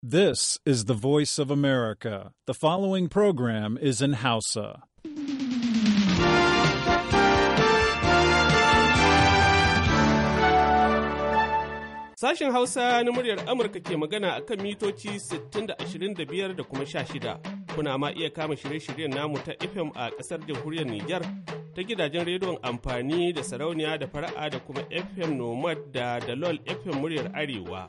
This is the voice of America. The following program is in Hausa. Sashen Hausa na muryar Amurka ke magana a kan mitoci 60-25 da kuma 16. Kuna ma iya kama shirye-shiryen namu ta FM a ƙasar jamhuriyar Nijar ta gidajen rediyon amfani da sarauniya da fara'a da kuma FM Nomad da Dalol FM muryar Arewa.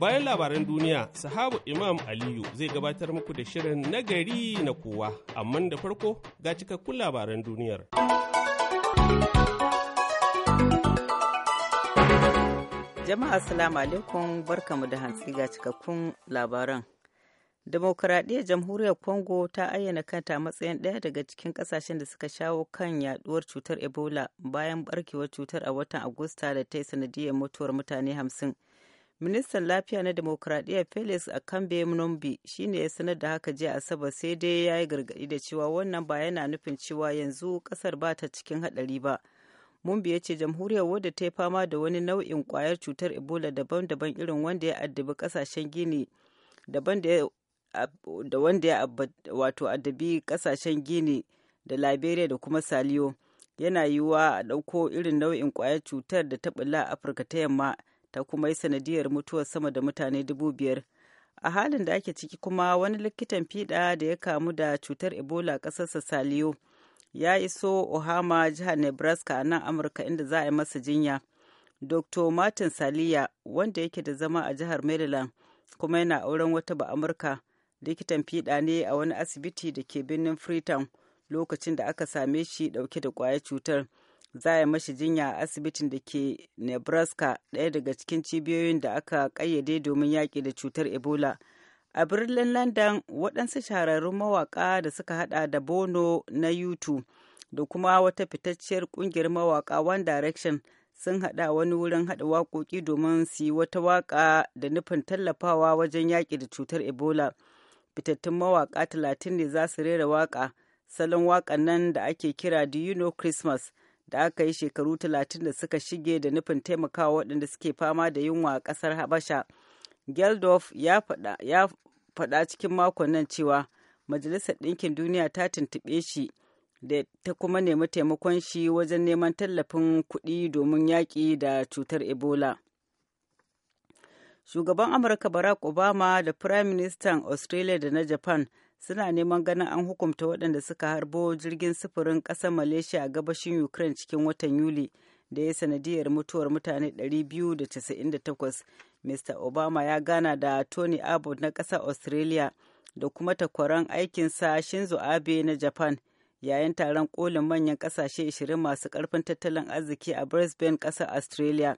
Bayan labaran duniya, sahabu Imam Aliyu zai gabatar muku da shirin nagari na kowa, amma da farko ga cikakkun labaran duniyar. Jama'a Assalamu alaikum barkamu da hantsi ga cikakkun labaran. Demokuraɗiyyar Jamhuriyar Congo ta ayyana kanta matsayin ɗaya daga cikin ƙasashen da suka shawo kan yaɗuwar cutar Ebola bayan barkewar cutar a watan Agusta da ta yi sanadiyar mutuwar mutane hamsin. ministan lafiya na demokradiyya felix akambe mnombi shine ya sanar da haka jiya asabar sai dai ya yi gargaɗi da cewa wannan ba yana nufin cewa yanzu ƙasar ba ta cikin haɗari ba mumbi ya ce jamhuriyar wadda ta yi fama da wani nau'in kwayar cutar ebola daban-daban irin wanda ya addabi kasashen gini daban da wanda ya wato addabi kasashen gini da liberia da kuma saliyo yana yiwuwa a ɗauko irin nau'in kwayar cutar da ta bulla a afirka ta yamma ta kuma yi sanadiyar mutuwar sama da mutane dubu biyar a halin da ake ciki kuma wani likitan fiɗa da ya kamu da cutar ebola ƙasarsa saliyo ya iso ohama jihar nebraska a nan amurka inda za a yi masa jinya dr martin saliya wanda yake da zama a jihar maryland kuma yana auren wata ba amurka likitan fiɗa ne a wani asibiti da ke birnin freetown lokacin da aka same shi ɗauke da ƙwayar cutar za a yi mashi jinya a asibitin da ke nebraska ɗaya daga cikin cibiyoyin da aka ƙayyade domin yaƙi da cutar ebola a birnin london waɗansu shahararrun mawaƙa da suka haɗa da bono na youtube da kuma wata fitacciyar ƙungiyar mawaƙa one direction sun haɗa wani wurin haɗa waƙoƙi domin su yi wata waƙa da nufin tallafawa wajen yaƙi da cutar ebola fitattun mawaƙa talatin ne za su rera waƙa salon waƙan nan da ake kira do you know christmas da aka yi shekaru talatin da suka shige da nufin taimakawa waɗanda suke fama da yunwa a ƙasar habasha geldof ya faɗa cikin makon nan cewa majalisar ɗinkin duniya ta tuntuɓe shi da ta kuma nemi taimakon shi wajen neman tallafin kuɗi domin yaƙi da cutar ebola shugaban amurka barack obama da prime minister australia da na japan suna neman ganin an hukumta waɗanda suka harbo jirgin sufurin ƙasar malaysia a gabashin ukraine cikin watan yuli da ya sanadiyar mutuwar mutane 298 mr obama ya gana da tony abbott na ƙasar australia da kuma takwaran aikin sa shinzo abe na japan yayin taron kolin manyan ƙasashe 20 masu ƙarfin tattalin arziki a brisbane ƙasar australia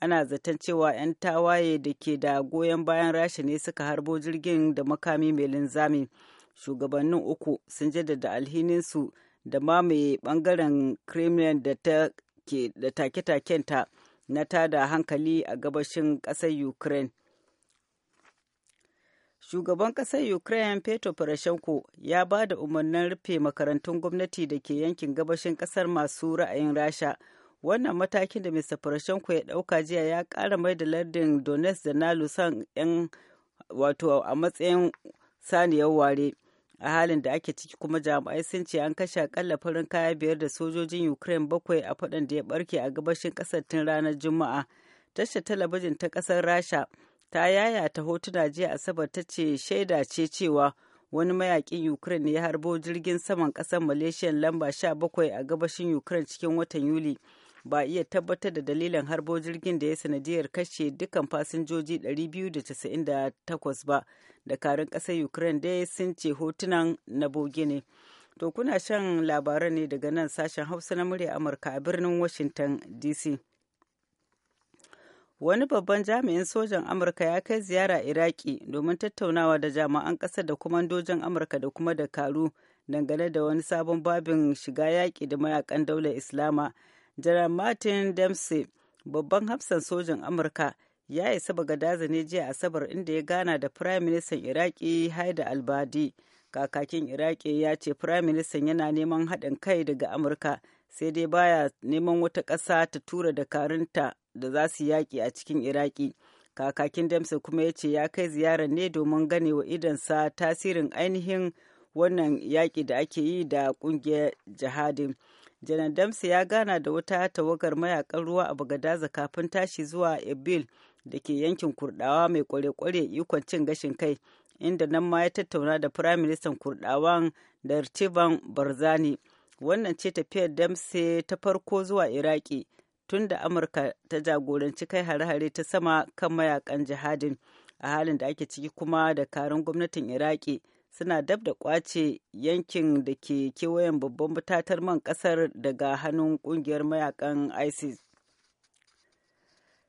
ana zaton cewa 'yan tawaye da ke da goyon bayan rasha ne suka harbo jirgin da makami mai linzami. shugabannin uku sun jaddada alhininsu da mamaye bangaren kremlin da take-takenta na tada hankali a gabashin ƙasar ukraine shugaban ƙasar ukraine petro poroshenko ya ba da umarnin rufe makarantun gwamnati da ke yankin gabashin ƙasar masu ra'ayin rasha wannan matakin da mr poroshenko ya ɗauka jiya ya ƙara mai da lardin donetsk da na lusan 'yan wato a matsayin saniyar ware a halin da ake ciki kuma jami'ai sun ce an kashe akalla farin kaya biyar da sojojin ukraine bakwai a faɗan da ya barke a gabashin ƙasar tun ranar juma'a tashar talabijin ta ƙasar rasha ta yaya ta hotuna jiya asabar ta ce shaida ce cewa wani mayakin ukraine ya harbo jirgin saman ƙasar malaysia lamba 17 a gabashin ukraine cikin watan yuli ba iya tabbatar da dalilin harbo jirgin da ya sanadiyar kashe dukkan fasinjoji 298 ba dakarun ƙasar ukraine dai sun ce hotunan na boge ne to kuna shan labaran ne daga nan sashen hausa na murya amurka a birnin washington dc wani babban jami'in sojan amurka ya kai ziyara iraki domin tattaunawa da jami'an ƙasar da kwamandojin amurka da kuma dakaru dangane da wani sabon babin shiga yaƙi da mayakan daular islama Janar Martin Dempsey, babban hafsan sojin Amurka, ya isa Bagadaza ne jiya Asabar inda ya gana da Firayim Ministan Iraki Haida Albadi. Kakakin Iraki ya ce Firayim Ministan yana neman haɗin kai daga Amurka, sai dai baya neman wata ƙasa ta tura dakarunta da za su yaƙi a cikin Iraki. Kakakin Dempsey kuma ya ce ya kai ziyarar ne domin gane wa idansa tasirin ainihin wannan yaƙi da ake yi da ƙungiyar jihadin. janar damsa ya gana da wata tawagar mayakan ruwa a bagadaza kafin tashi zuwa ebil da ke yankin kurdawa mai kware ikon cin gashin kai inda nan ma ya tattauna da firayim ministan kurdawan da rtivan barzani wannan ce tafiyar damse ta farko zuwa iraki tun da amurka ta jagoranci kai hare-hare ta sama kan mayakan jihadin a halin da ake ciki kuma da karin gwamnatin iraki suna dab da kwace yankin da ke kewayen babban butatar man kasar daga hannun kungiyar mayakan isis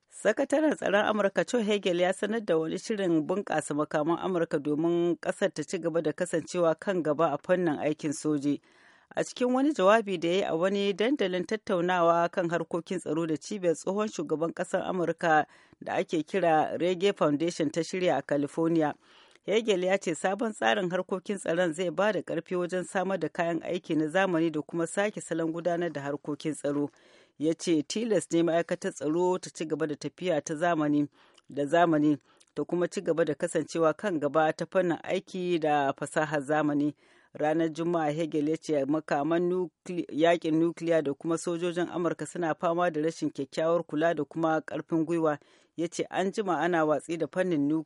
sakataren tsaron amurka cho hegel ya sanar da wani shirin bunƙasa makaman amurka domin ƙasar ta ci gaba da kasancewa kan gaba a fannin aikin soji a cikin wani jawabi da ya yi a wani dandalin tattaunawa kan harkokin tsaro da cibiyar tsohon shugaban ƙasar amurka da ake kira reggae foundation ta shirya a california Hegel ya ce sabon tsarin harkokin tsaron zai ba da ƙarfi wajen samar da kayan aiki na zamani da kuma sake salon gudanar da harkokin tsaro. Ya ce tilas ne ma'aikatar tsaro ta ci gaba da tafiya ta zamani da zamani ta kuma ci gaba da kasancewa kan gaba ta fannin aiki da fasahar zamani. Ranar Juma'a Hegel ya ce makaman yakin nukiliya da kuma sojojin Amurka suna fama da rashin kyakkyawar kula da kuma ƙarfin gwiwa ya ce an jima ana watsi da fannin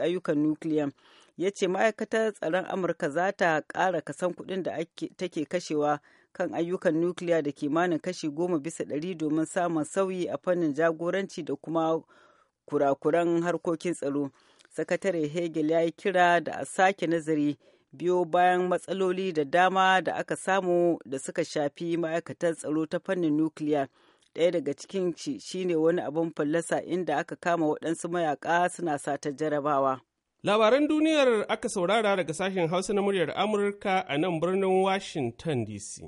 ayyukan nukiliyan ya ce ma'aikatar tsaron amurka za ta ƙara kasan kuɗin da take kashewa kan ayyukan nukiliya da kimanin kashi goma bisa ɗari domin samun sauyi a fannin jagoranci da kuma kurakuran harkokin tsaro sakatare hegel ya yi kira da a sake nazari biyo bayan matsaloli da dama da aka samu da suka shafi ma'aikatar tsaro ta fannin nukiliya. ɗaya daga cikin ci shine wani abin fallasa inda aka kama waɗansu mayaka suna satar jarabawa labaran duniyar aka saurara daga sashen hausa na muryar amurka a nan birnin washington dc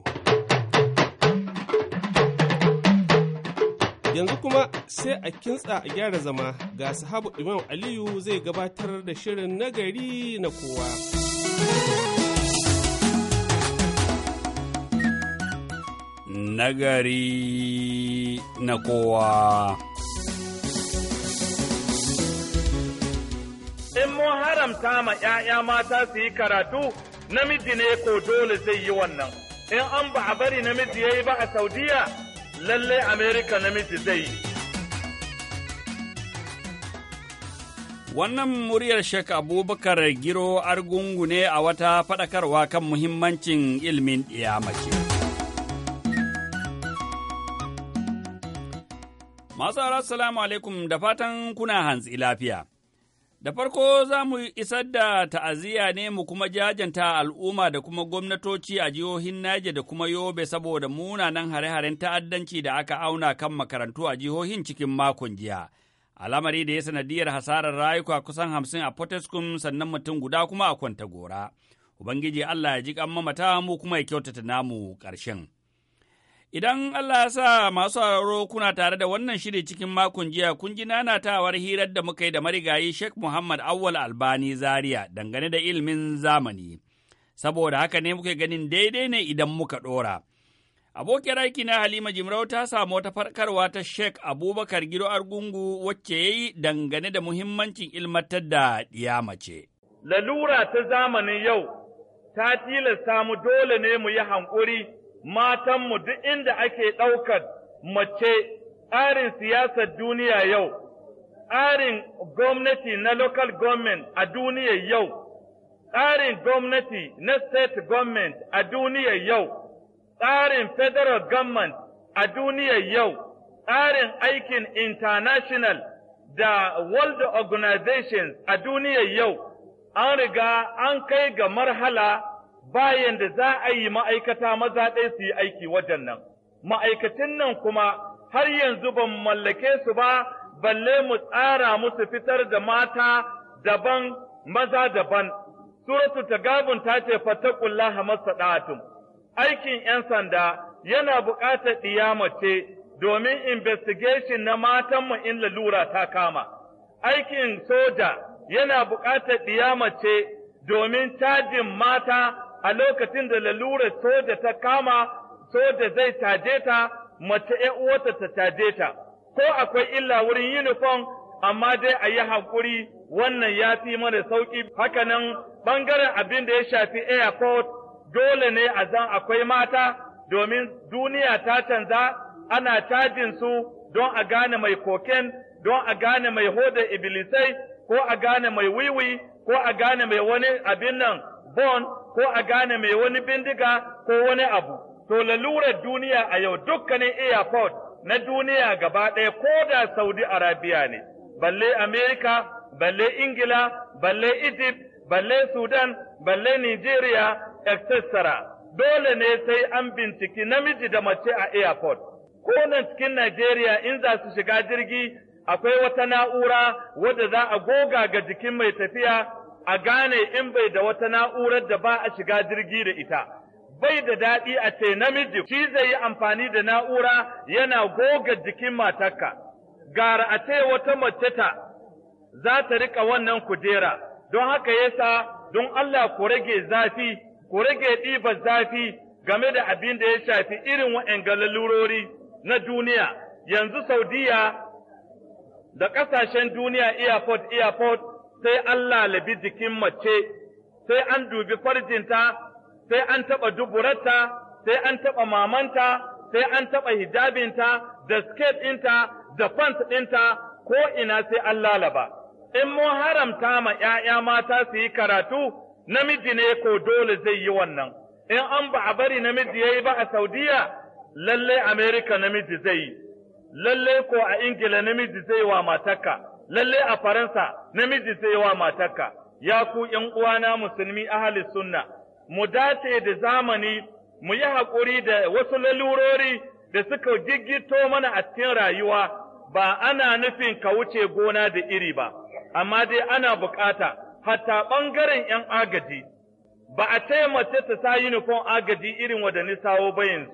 yanzu kuma sai a kintsa a gyara zama ga sahabu imam aliyu zai gabatar da shirin nagari na kowa nagari na kowa. In mun haramta ma 'ya'ya mata su yi karatu, namiji ne ko dole zai yi wannan. In an ba a bari namiji ya yi ba a Saudiya, lallai Amerika namiji zai yi. Wannan muryar shek Abubakar Giro Argungu ne a wata faɗakarwa kan muhimmancin ilmin mace Masu salamu alaikum da fatan kuna hantsi lafiya. Da farko za mu isar da ta'aziyya ne mu kuma jajanta al'umma da kuma gwamnatoci a jihohin Naija da kuma Yobe saboda munanan hare-haren ta'addanci da aka auna kan makarantu a jihohin cikin makon jiya. Alamari da ya sanadiyar hasarar rayuka kusan hamsin a Potescum sannan mutum guda kuma a Kwantagora. Ubangiji Allah ya ji mamata mu kuma ya kyautata namu ƙarshen. Idan Allah ya sa masu sauraro kuna tare da wannan shiri cikin makon jiya kun ji tawar hirar da muka yi da marigayi Sheikh Muhammad Awwal Albani Zaria dangane da ilimin zamani. Saboda haka ne muke ganin daidai ne idan muka ɗora. Abokiyar aiki na Halima Jimrau ta samu wata farkarwa ta Sheikh Abubakar Giro Argungu wacce ya yi dangane da muhimmancin ilmantar da ɗiya mace. Lalura ta zamanin yau ta tilasta mu dole ne mu yi hankuri matanmu duk inda ake ɗaukar mace tsarin siyasar duniya yau, tsarin gwamnati na local government a duniya yau, tsarin gwamnati na state government a duniya yau, tsarin federal government a duniya yau, tsarin aikin international da world organizations a duniya yau, an riga an kai ga marhala bayan da za a yi ma'aikata maza ɗaya su yi aiki wajen nan, ma'aikatan nan kuma har yanzu ban mallake su ba, balle mu tsara musu fitar da mata daban maza daban. Suratu ta gabun ta ce fatakullaha masaɗatun, aikin ‘yan sanda yana buƙatar ɗiyamace domin investigation na matan mu in lalura ta kama, aikin soja yana buƙatar ɗiyamace domin cajin mata a lokacin da Lalura soja ta kama soja zai caje ta mace ƴan uwarta ta caje ta ko akwai illa wurin uniform amma dai a yi haƙuri wannan ya fi mana sauƙi nan, ɓangaren abin da ya shafi airport dole ne a zan akwai mata domin duniya ta canza ana cajin su don a gane mai koken don a gane mai hoda ibilisai ko a gane mai wiwi ko a gane mai wani abin nan bone. ko a gane mai wani bindiga ko wani abu. To lalurar duniya a yau dukkanin airport na duniya gaba ɗaya ko da Saudi Arabia ne, balle Amerika, balle Ingila, balle Egypt, balle Sudan, balle Nigeria, etc. Dole ne sai an binciki namiji da mace a airport. Ko nan cikin Najeriya in za su shiga jirgi akwai wata na'ura wadda za a goga ga jikin mai tafiya a gane in bai da wata na'urar da ba a shiga jirgi da ita. Bai da daɗi a ce namiji shi zai yi amfani da na'ura yana goga jikin matarka, gara a ce wata mace ta za ta riƙa wannan kujera, don haka yasa don Allah ku rage zafi, ku rage ɗibar zafi game da abin da ya shafi irin wa'yan galalurori na duniya. Yanzu Saudiya da ƙasashen duniya airport airport sai an lalabi jikin mace, sai an dubi farjinta, sai an taɓa duburarta, sai an taɓa mamanta, sai an taɓa hijabinta, da skirt ɗinta, da fant ɗinta, ko ina sai an lalaba. In mun haramta ma ‘ya'ya mata su yi karatu, namiji ne ko dole zai yi wannan. In an ba a bari namiji ya yi ba a Saudiya, lallai Amerika namiji zai yi, lallai ko a Ingila namiji zai wa matakka. lalle a Faransa namiji zai wa matarka, ya ku ’yan uwana musulmi ahli sunna, mu dace da zamani, mu yi haƙuri da wasu lalurori da suka giggito mana a cikin rayuwa, ba ana nufin ka wuce gona da iri ba, amma dai ana bukata, hatta ɓangaren ’yan agaji, ba a ce mace ta sa yunifon agaji irin wadanni sawo ba yanzu,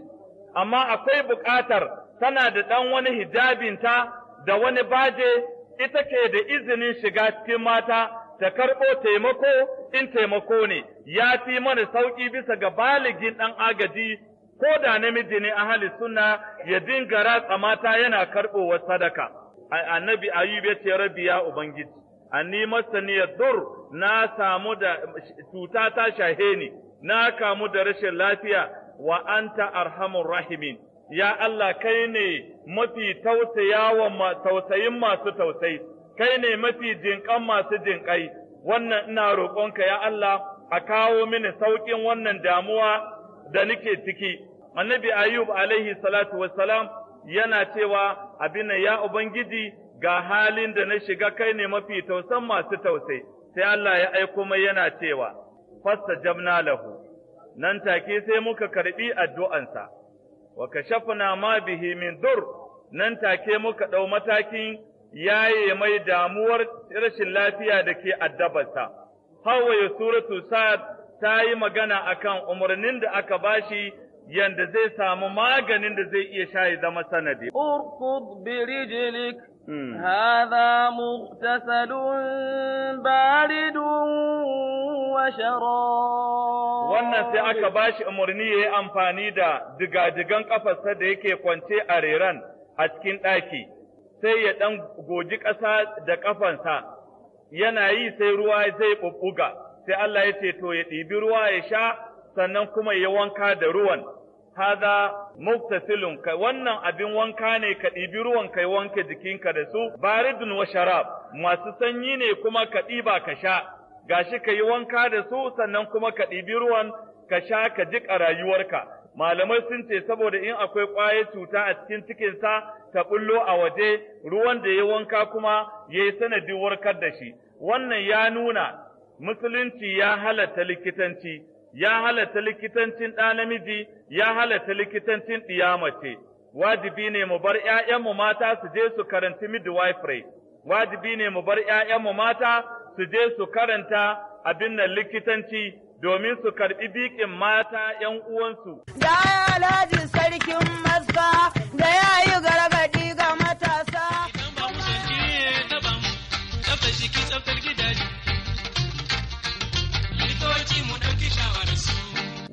amma akwai buƙatar tana da ɗan wani hijabinta da wani baje ita ke da izinin shiga cikin mata ta karɓo taimako in taimako ne, ya fi mana sauƙi bisa ga baligin ɗan agaji ko da namiji ne ahali suna ya dinga ratsa mata yana wa sadaka. Annabi Ayub ya ce rabi ya Ubangiji, anni masaniyar dur na samu da cuta ta shahe ni, na kamu da rashin lafiya wa anta arhamur rahimin. ya Allah kai ne mafi tausayawa tausayin masu tausayi, kai ne mafi jinƙan masu jinƙai, wannan ina roƙonka ya Allah a kawo mini sauƙin wannan damuwa da nake ciki. Annabi Ayub alaihi salatu wassalam yana cewa abin ya Ubangiji ga halin da na shiga kai ne mafi tausan masu tausayi. sai Allah ya aiko mai yana cewa, Fasta jamna lahu, nan take sai muka karɓi addu'ansa. wa kashafna ma bihi min dur nan take muka ɗau matakin yaye mai damuwar rashin lafiya da ke addabarsa. Hawaye suratu Sa'ad ta yi magana akan umarnin da aka bashi yanda zai samu maganin da zai iya sha zama sanadi. Urkud bi rijlik هذا مغتسل بارد وشراب wannan sai aka bashi umarni ya yi amfani da digadigan ƙafarsa da yake kwance a reran a cikin ɗaki sai ya ɗan goji ƙasa da ƙafansa yana yi sai ruwa zai ɓuɓɓuga sai Allah ya ce to ya ɗibi ruwa ya sha sannan kuma ya wanka da ruwan hada muktasilun kai wannan abin wanka ne ka ɗibi ruwan kai wanke jikinka da su baridun wa sharab masu sanyi ne kuma ka ɗiba ka sha gashi ka yi wanka da su sannan kuma ka ɗibi ruwan ka sha ka a rayuwarka malamai sun ce saboda in akwai ƙwayar cuta a cikin cikinsa ta bullo a waje ruwan da ya wanka kuma ya yi sanadin warkar da shi wannan ya nuna musulunci ya halatta likitanci ya halatta likitancin ɗa namiji, ya halatta likitancin ɗiyamace. Wajibi ne mu bar ‘ya'yanmu mata su je su karanci midwifery, wajibi ne mu bar ‘ya'yanmu mata su je su karanta abin nan likitanci domin su karɓi biƙin mata ‘yan uwansu. Da Alhaji sarkin maza.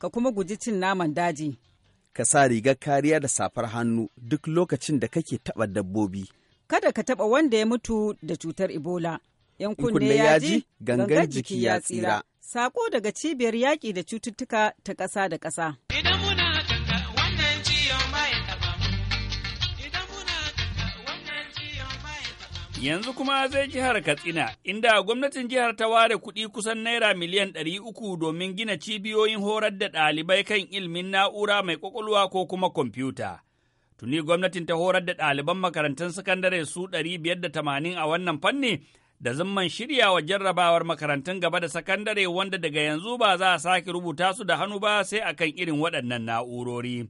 ka kuma guji cin naman daji. Ka sa rigar kariya da safar hannu duk lokacin da kake taɓa dabbobi. Kada ka taɓa wanda ya mutu da cutar Ebola. ‘Yan kunne ya ji, gangan jiki ya tsira. Sako daga cibiyar yaƙi da cututtuka ta ƙasa da ƙasa. Idan Yanzu kuma zai jihar Katsina, inda gwamnatin jihar ta ware kuɗi kusan naira miliyan ɗari uku domin gina cibiyoyin horar da ɗalibai kan ilimin na'ura mai ƙwaƙwalwa ko kuma kwamfuta. Tuni gwamnatin ta horar da ɗaliban makarantun sakandare su ɗari biyar da tamanin a wannan fanni da zumman shirya wa jarrabawar makarantun gaba da sakandare wanda daga yanzu ba za a sake rubuta su da hannu ba sai akan irin waɗannan na'urori.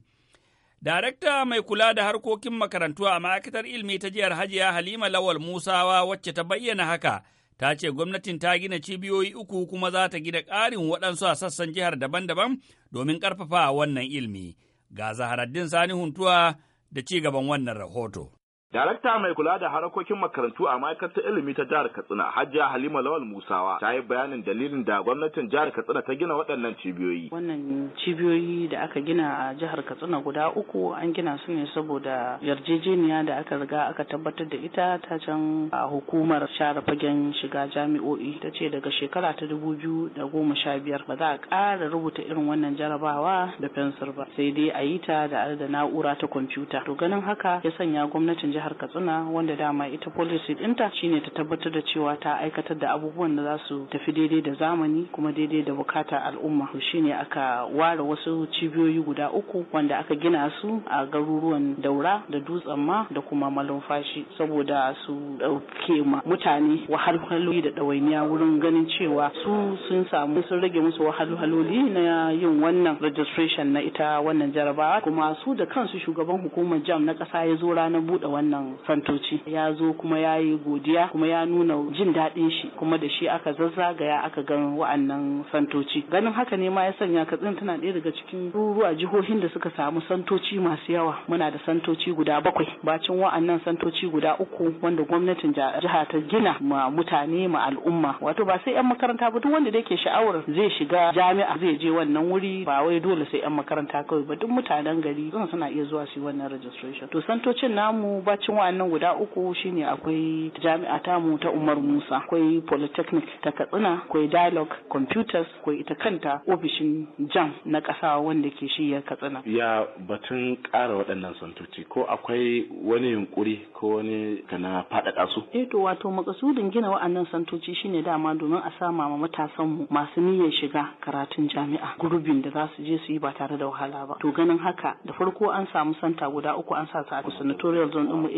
Darakta mai kula da harkokin makarantu a ma'aikatar ilmi ta jihar Hajiya Halima Lawal Musawa wacce ta bayyana haka, ta ce gwamnatin ta gina cibiyoyi uku kuma za ta gina ƙarin waɗansu a sassan jihar daban-daban domin ƙarfafa wannan ilmi. Ga zaharaddin Sani Huntuwa da ci gaban wannan rahoto. Darakta mai kula da harakokin makarantu a ma'aikatar ilimi ta jihar Katsina, Hajiya Halima Lawal Musawa, ta yi bayanin dalilin da gwamnatin jihar Katsina ta gina waɗannan cibiyoyi. Wannan cibiyoyi da aka gina a jihar Katsina guda uku an gina su ne saboda yarjejeniya da aka riga aka tabbatar da ita ta can a hukumar share fagen shiga jami'o'i ta ce daga shekara ta dubu biyu da goma sha biyar ba za a ƙara rubuta irin wannan jarabawa da fensir ba sai dai a yi ta da na'ura ta kwamfuta. To ganin haka ya sanya gwamnatin jihar jihar katsina wanda dama ita policy dinta shine ta tabbatar da cewa ta aikatar da abubuwan da za su tafi daidai da zamani kuma daidai da bukata al'umma shine aka ware wasu cibiyoyi guda uku wanda aka gina su a garuruwan daura da dutsen ma da kuma malumfashi saboda su dauke ma mutane wahalhaloli da ɗawainiya wurin ganin cewa su sun samu sun rage musu wahalhaloli na yin wannan registration na ita wannan jarabawa kuma su da kansu shugaban hukumar jam na ƙasa ya zo ranar buɗe wannan wannan santoci ya zo kuma ya yi godiya kuma ya nuna jin daɗin shi kuma da shi aka zazzagaya aka gan wa'annan santoci ganin haka ne ma ya sanya katsina tana ɗaya daga cikin ruruwa jihohin da suka samu santoci masu yawa muna da santoci guda bakwai bacin wa'annan santoci guda uku wanda gwamnatin jiha ta gina ma mutane ma al'umma wato ba sai 'yan makaranta ba duk wanda da ke sha'awar zai shiga jami'a zai je wannan wuri ba wai dole sai 'yan makaranta kawai ba duk mutanen gari suna iya zuwa su yi wannan registration to santocin namu ba Baccin wannan guda uku shine akwai jami'a ta mu ta Umar Musa, akwai Polytechnic ta Katsina, akwai Dialogue Computers, akwai ita kanta ofishin jam na ƙasa wanda ke shi ya Katsina. Ya batun ƙara waɗannan santoci ko akwai wani yunkuri ko wani kana faɗaɗa su? Eh to wato makasudin gina wa'annan santoci shine dama domin a sama ma matasan mu. masu niyyar shiga karatun jami'a gurbin da za su je su yi ba tare da wahala ba. To ganin haka da farko an samu santa guda uku an sa su a senatorial zone ɗinmu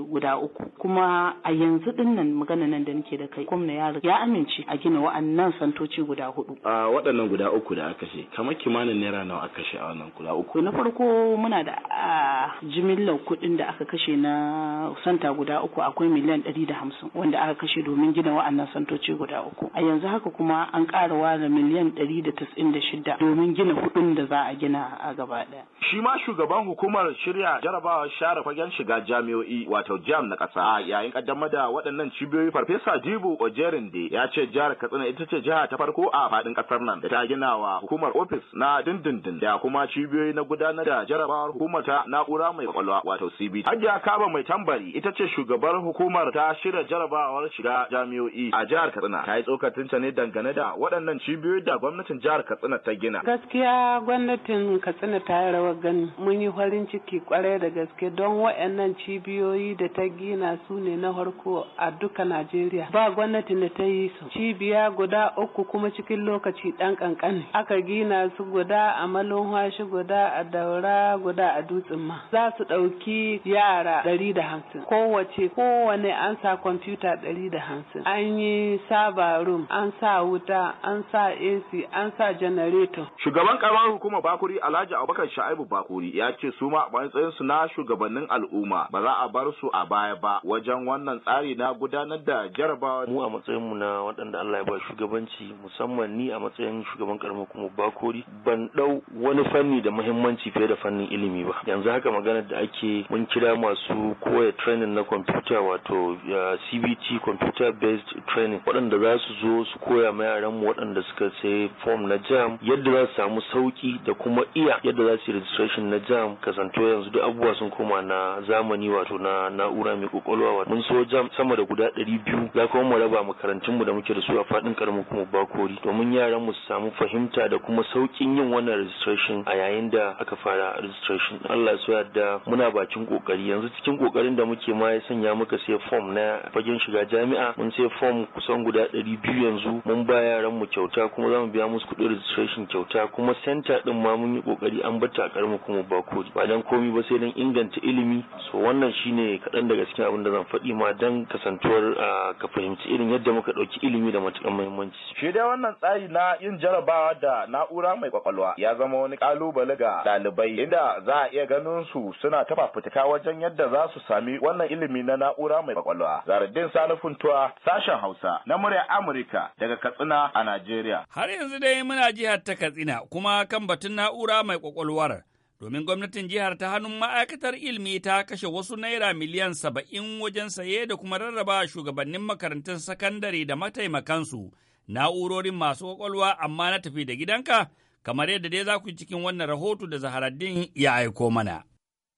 guda uku kuma a yanzu dinnan nan magana nan da nake da kai gwamna ya ya amince a gina wa'annan santoci guda hudu a waɗannan guda uku da aka ce kamar kimanin naira nawa aka kashe a wannan guda uku na farko muna da jimillar kuɗin da aka kashe na santa guda uku akwai miliyan ɗari da hamsin wanda aka kashe domin gina wa'annan santoci guda uku a yanzu haka kuma an ƙara ware miliyan ɗari da tasirin da shida domin gina kuɗin da za a gina a gaba ɗaya shi ma shugaban hukumar shirya jarabawa share fagen shiga jami'o jami'o'i wato jam na ƙasa yayin kaddamar da waɗannan cibiyoyi farfesa dibu Ojerin de ya ce jihar Katsina ita ce jiha ta farko a faɗin ƙasar nan da ta gina wa hukumar ofis na dindindin da kuma cibiyoyi na gudanar da jarabawar hukumar ta na'ura mai kwakwalwa wato CBT. Hajiya Kaba mai tambari ita ce shugabar hukumar ta shirya jarabawar shiga jami'o'i a jihar Katsina ta yi tsokacin ta ne dangane da waɗannan cibiyoyi da gwamnatin jihar Katsina ta gina. Gaskiya gwamnatin Katsina ta yi rawar gani mun yi farin ciki kwarai da gaske don waɗannan cibiyoyi cibiyoyi da ta gina su ne na harko a duka Najeriya. Ba gwamnati da ta yi su. Cibiya guda uku kuma cikin lokaci ɗan ƙanƙani. Aka gina su guda a malumhashi guda a daura guda a dutsen ma. Za su ɗauki yara ɗari da hamsin. Kowace kowane an sa kwamfuta ɗari da hamsin. An yi saba room, an sa wuta, an sa AC, an sa janareto. Shugaban karamar hukumar Bakuri Alhaji Abubakar Sha'ibu Bakuri ya ce su ma a matsayin na shugabannin al'umma ba za a bar su a baya ba wajen wannan tsari na gudanar da jarabawa. Mu a matsayin mu na waɗanda Allah ya ba shugabanci musamman ni a matsayin shugaban karamar kuma bakori ban dau wani fanni da muhimmanci fiye da fannin ilimi ba. Yanzu haka maganar da ake mun kira masu koya training na computer wato CBT computer based training waɗanda za su zo su koya ma yaran mu waɗanda suka sai form na jam yadda za su samu sauki da kuma iya yadda za su yi registration na jam kasanto yanzu duk abubuwa sun koma na zamani wato na na'ura mai kwakwalwa wato mun so jam sama da guda ɗari biyu za kuma mu raba makarantun mu da muke da su a faɗin karamin kuma bakori domin yaran mu su samu fahimta da kuma sauƙin yin wannan registration a yayin da aka fara registration Allah su da muna bakin kokari yanzu cikin kokarin da muke ma ya sanya muka sai form na fagen shiga jami'a mun sai form kusan guda ɗari biyu yanzu mun ba yaran mu kyauta kuma za mu biya musu kuɗin registration kyauta kuma center ɗin ma mun yi kokari an bata a karamin kuma bakori ba dan komi ba sai dan inganta ilimi so wannan wannan shine kaɗan daga cikin abin da zan faɗi ma don kasantuwar ka fahimci irin yadda muka ɗauki ilimi da matuƙar muhimmanci. Shi dai wannan tsari na yin jarabawa da na'ura mai kwakwalwa ya zama wani ƙalubale ga ɗalibai inda za a iya ganin su suna ta fafutuka wajen yadda za su sami wannan ilimi na na'ura mai kwakwalwa. Zaradin Salifun Tuwa sashen Hausa na murya Amurka daga Katsina a Najeriya. Har yanzu dai muna jihar ta Katsina kuma kan batun na'ura mai kwakwalwar. domin gwamnatin jihar ta hannun ma'aikatar ilmi ta kashe wasu naira miliyan saba'in wajen saye da kuma rarraba shugabannin makarantun sakandare da mataimakansu na'urorin masu kwakwalwa amma na tafi da gidanka kamar yadda dai za ku cikin wannan rahoto da zaharaddin ya aiko mana.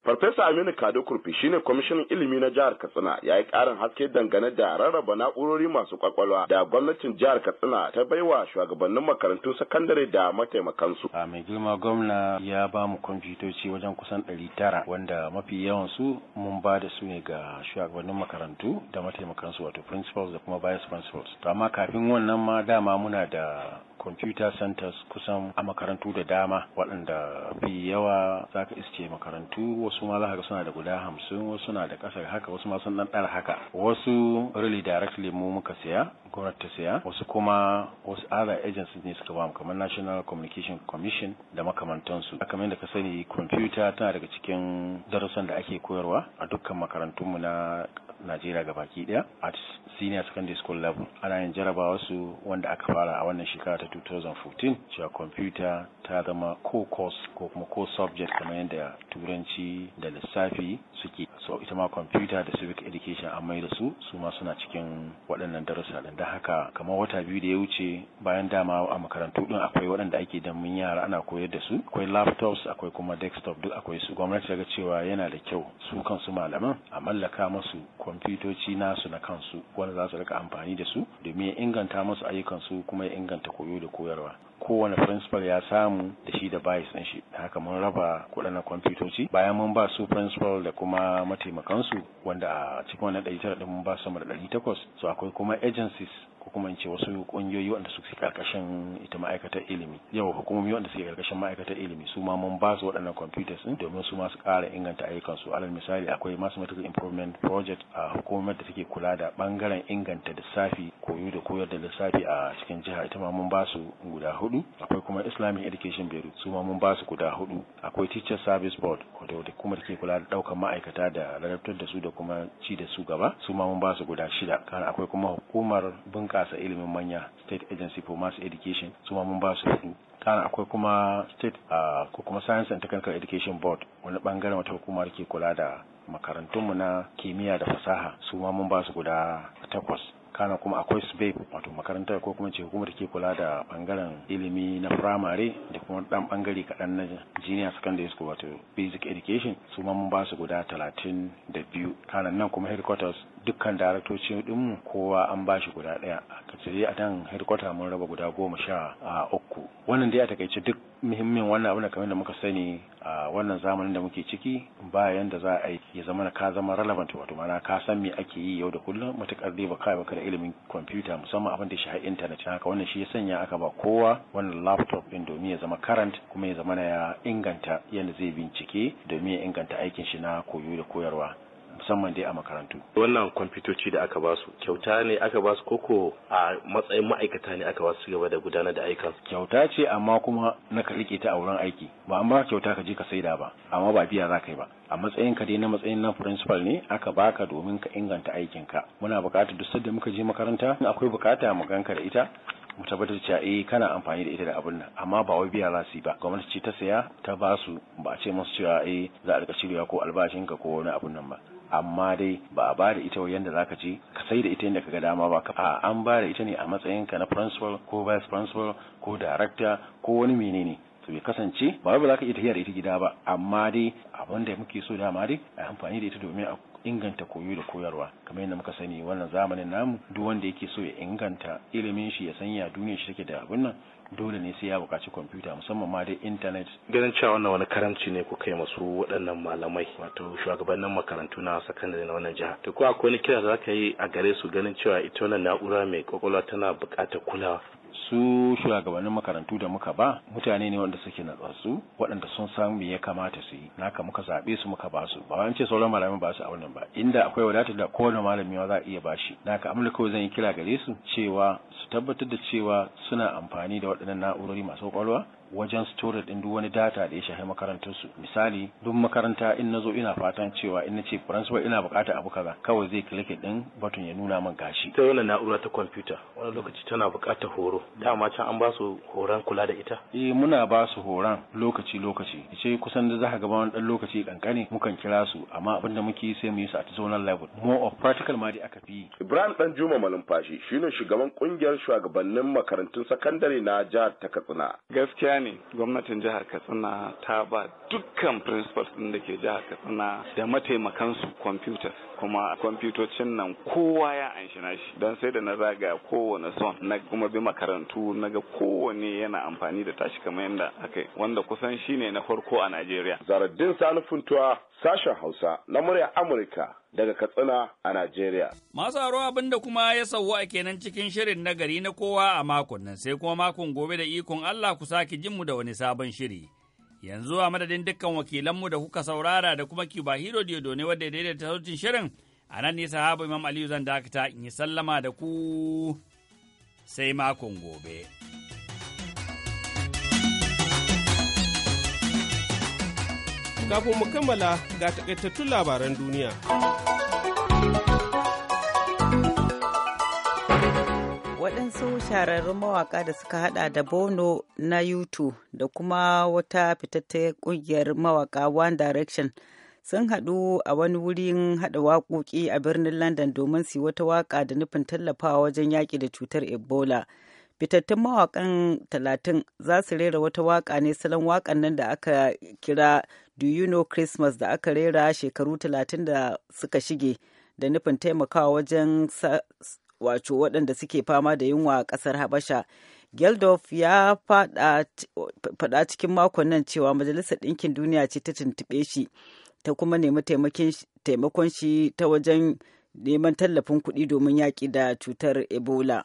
Farfesa Aminu Kado Kurfi shine kwamishinan ilimi na jihar Katsina ya yi ƙarin haske dangane da rarraba na'urori masu kwakwalwa da gwamnatin jihar Katsina ta baiwa shugabannin makarantun sakandare da mataimakansu. A mai girma gwamna ya ba mu kwamfutoci wajen kusan ɗari tara wanda mafi yawan su mun ba da su ne ga shugabannin makarantu da mataimakansu wato principals da kuma vice principals. To amma kafin wannan ma dama muna da computer centers kusan a makarantu da dama waɗanda fi yawa za ka iske makarantu wasu ma za suna da guda hamsin wasu suna da ƙasar haka wasu ma sun ɗan ɗara haka wasu really directly mu muka siya gwamnati ta siya wasu kuma wasu other agencies ne suka bamu kamar national communication commission da makamantansu kamar da ka sani computer tana daga cikin darussan da ake koyarwa a dukkan makarantunmu na Najeriya gabaki daya at senior secondary school level ana yin jarabawa su wanda aka fara a wannan shekara ta 2014 cewa kwamfuta ta zama ko course ko kuma ko subject kamar yadda turanci da lissafi suke so ita ma kwamfuta da civic education an da su su ma suna cikin waɗannan darussa din da haka kamar wata biyu da ya wuce bayan dama a makarantu din akwai waɗanda ake da mun yara ana koyar da su akwai laptops akwai kuma desktop duk akwai su gwamnati ta ga cewa yana da kyau su kansu malaman a mallaka musu kwamfutoci nasu na kansu wanda za su rika amfani da su domin ya inganta musu ayyukansu kuma ya inganta koyo da koyarwa kowane principal ya samu da shi da bias ɗin shi haka mun raba kuɗin kwamfutoci bayan mun ba su principal da kuma mataimakansu wanda a cikin wannan ɗari tara ɗin mun ba su sama da ɗari takwas so akwai kuma agencies ko kuma in ce wasu kungiyoyi wanda suke karkashin ita ma'aikatar ilimi yau hukumomi wanda suke karkashin ma'aikatar ilimi su ma mun ba su waɗannan computers din domin su masu ƙara inganta ayyukan su alal misali akwai mathematical improvement project a hukumar da take kula da bangaren inganta lissafi koyo da koyar da lissafi a cikin jiha ita ma mun ba guda hudu akwai kuma islamic education bureau su ma mun ba guda hudu akwai teacher service board da kuma da ke kula da ɗaukar ma'aikata da ladabtar da su da kuma ci da su gaba su ma mun ba guda shida kana akwai kuma hukumar bin bunƙasa ilimin manya state agency for mass education su ma mun ba su hudu kana akwai kuma state ko kuma science and technical education board wani bangaren wata hukumar ke kula da makarantunmu na kimiyya da fasaha su ma mun ba su guda takwas kana kuma akwai SBAB wato makarantar ko kuma ce hukumar ke kula da bangaren ilimi na firamare da kuma dan bangare kaɗan na jiniya secondary school wato basic education su ma mun ba su guda talatin da biyu kana nan kuma headquarters dukkan daraktoci dinmu kowa an ba shi guda ɗaya a sai a nan headquarters mun raba guda goma sha a uku wannan dai a takaice duk muhimmin wannan abin da kamar da muka sani a wannan zamanin da muke ciki ba yanda za a yi ya zama ka zama relevant wato mana ka san me ake yi yau da kullum matukar dai baka baka da ilimin kwamfuta musamman abin da shi har internet haka wannan shi ya sanya aka ba kowa wannan laptop din domin ya zama current kuma ya zama ya inganta yadda zai bincike domin ya inganta aikin shi na koyo da koyarwa musamman dai a makarantu wannan kwamfutoci da aka basu kyauta ne aka basu koko a matsayin ma'aikata ne aka basu gaba da gudanar da ayyukan kyauta ce amma kuma na ka ta a wurin aiki ba an ba kyauta ka je ka saida ba amma ba biya za ka yi ba a matsayin ka dai na matsayin na principal ne aka baka domin ka inganta aikin ka muna buƙatar duk sadda muka je makaranta akwai buƙata mu ganka da ita mu tabbatar cewa eh kana amfani da ita da abin nan amma ba wai biya za su yi ba gwamnati ce ta saya ta basu ba a ce musu cewa eh za a rika cirewa ko albashin ka ko wani abun nan ba amma dai ba a bada ita yadda zaka je ka sai da ita yadda kaga dama ba ka an bada ita ne a matsayin ka na principal ko vice principal ko director ko wani menene to bai kasance ba wai ba za ka iya tafiya da ita gida ba amma dai abin da muke so dama dai a amfani da ita domin a inganta koyo da koyarwa kamar yadda muka sani wannan zamanin namu duk wanda yake so ya inganta ilimin shi ya sanya duniya shi take da abin nan dole ne sai ya buƙaci kwamfuta musamman ma dai intanet ganin cewa wannan wani karamci ne ku kai masu waɗannan malamai wato shugabannin makarantu na sakandare na wannan jiha to ko akwai wani kira da za ka yi a gare su ganin cewa ita wannan na'ura mai kwakwalwa tana buƙatar kulawa su shugabannin makarantu da muka ba mutane ne wanda suke natsatsu waɗanda sun san me ya kamata su yi naka muka zaɓe su muka ba su ba wani ce sauran malamin ba su a wannan ba inda akwai wadatar da kowane malami za a iya bashi naka amurka kawai zan yi kira gare su cewa su tabbatar da cewa suna amfani da waɗannan na'urori masu kwakwalwa wajen storage din duk wani data da ya shafi makarantar su misali duk makaranta in nazo ina fatan cewa in nace principal ina bukata abu kaza kawai zai click din button ya nuna min gashi ta wannan na'ura ta computer wani lokaci tana bukatar horo dama can an ba su horon kula da ita eh muna ba su horon lokaci lokaci ce kusan da zaka gaba wani dan lokaci kankane mukan kira su amma abin da muke sai mu yi su a zonal level more of practical ma dai aka fi Ibrahim dan Juma fashi shine shugaban kungiyar shugabannin makarantun sakandare na jihar ta Katsina gaskiya ne gwamnatin jihar katsina ta ba dukkan principals din da ke jihar katsina da mataimakansu kwamfuta kuma kwamfutocin nan kowa ya anshi shi don sai da na zaga kowane son na kuma bi makarantu na ga kowane yana amfani da tashi kamar yadda aka wanda kusan shine na farko a najeriya zaradin sanufuntuwa sashen Hausa na murya Amurka daga Katsina a Najeriya. Masu haro abin da kuma ya sauwa kenan cikin shirin na gari na kowa a makon nan sai kuma makon gobe da ikon Allah ku sake jin mu da wani sabon shiri. Yanzu a madadin dukkan wakilanmu da kuka saurara da kuma Kiba Hiro ne wadda ya daidaita sautin shirin a nan ne sahaba Imam Aliyu zan dakata in yi sallama da ku sai makon gobe. Kafin mu kammala ga takaitattun labaran duniya. waɗansu shahararrun mawaƙa da suka haɗa da bono na yutu da kuma wata fitatta ƙungiyar mawaƙa one direction sun haɗu a wani wurin haɗa waƙoƙi a birnin london domin su wata waƙa da nufin tallafawa wajen yaƙi da cutar ebola fitattun mawakan talatin za su rera wata waƙa ne salon waƙan nan da aka kira Do You Know Christmas da aka rera shekaru talatin da suka shige da nufin taimakawa wajen wato waɗanda suke fama da yunwa a ƙasar Habasha. Geldof ya faɗa cikin makon nan cewa Majalisar Ɗinkin Duniya ce ta tuntuɓe shi ta kuma nemi taimakon shi ta wajen neman tallafin kuɗi domin yaƙi da cutar Ebola.